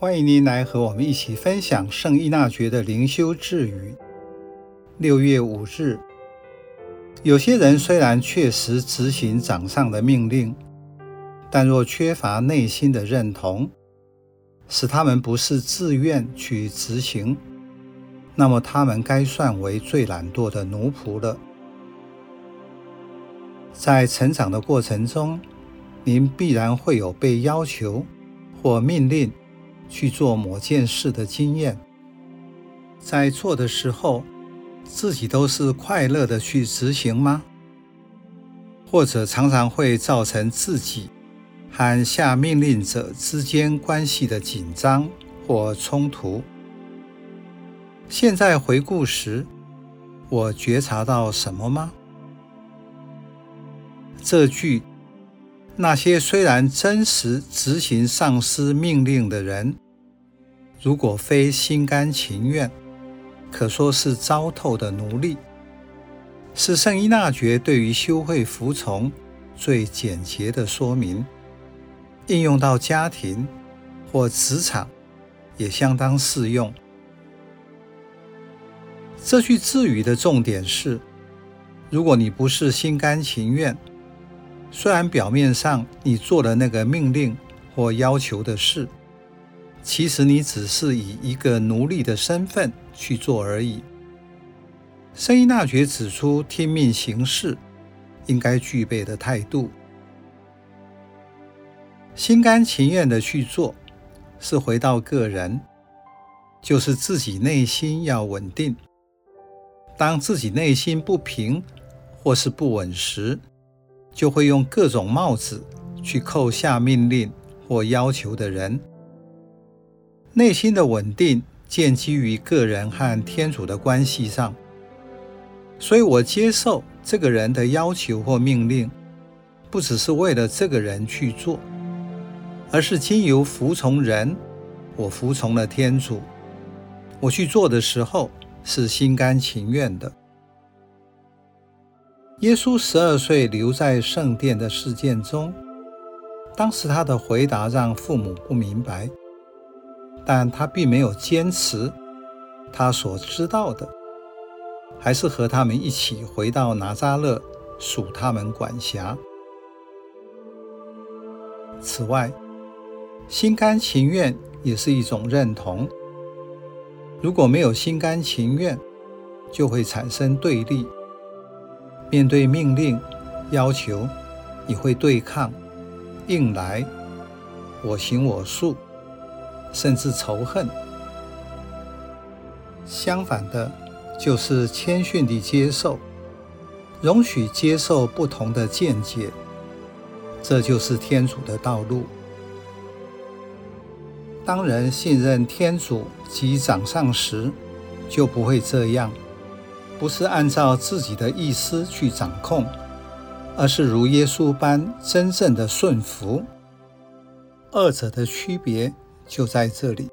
歡迎您來和我們一起分享聖依納爵的靈修智語。六月五日，有些人雖然確實執行長上的命令，但若缺乏內心的認同，使他們不是自願去執行，那麼他們該算為最懶惰的奴僕了。在成長的過程中，您必然會有被要求或命令去做某件事的經驗，在做的時候，自己都是快樂的去執行嗎？或者常常會造成自己和下命令者之間關係的緊張或衝突？現在回顧時，我覺察到什麼嗎？這句。那些雖然真實執行上司命令的人，如果非心甘情願，可說是糟透的奴隸。是聖依納爵對於修會服從最簡潔的說明，應用到家庭或職場也相當適用。這句智語的重點是：如果你不是心甘情願。雖然表面上你做了那個命令或要求的事，其實你只是以一個奴隸的身份去做而已。聖依納爵指出，聽命行事應該具備的態度：心甘情願的去做，是回到個人，就是自己內心要穩定。當自己內心不平或是不穩時，就會用各種帽子去扣下命令或要求的人。內心的穩定建基於個人和天主的關係上，所以我接受這個人的要求或命令，不只是為了這個人去做，而是經由服從人，我服從了天主，我去做的時候是心甘情願的。耶穌十二歲留在聖殿的事件中，當時他的回答讓父母不明白，但他並沒有堅持他所知道的，還是和他們一起回到納匝勒，屬他們管轄。此外，心甘情願也是一種認同，如果沒有心甘情願，就會產生對立。面對命令、要求，你會對抗、硬來、我行我素，甚至仇恨。相反的，就是謙遜地接受，容許接受不同的見解。這就是天主的道路。當人信任天主及長上時，就不會這樣。不是按照自己的意思去掌控，而是如耶穌般真正的順服。二者的區別就在這裡。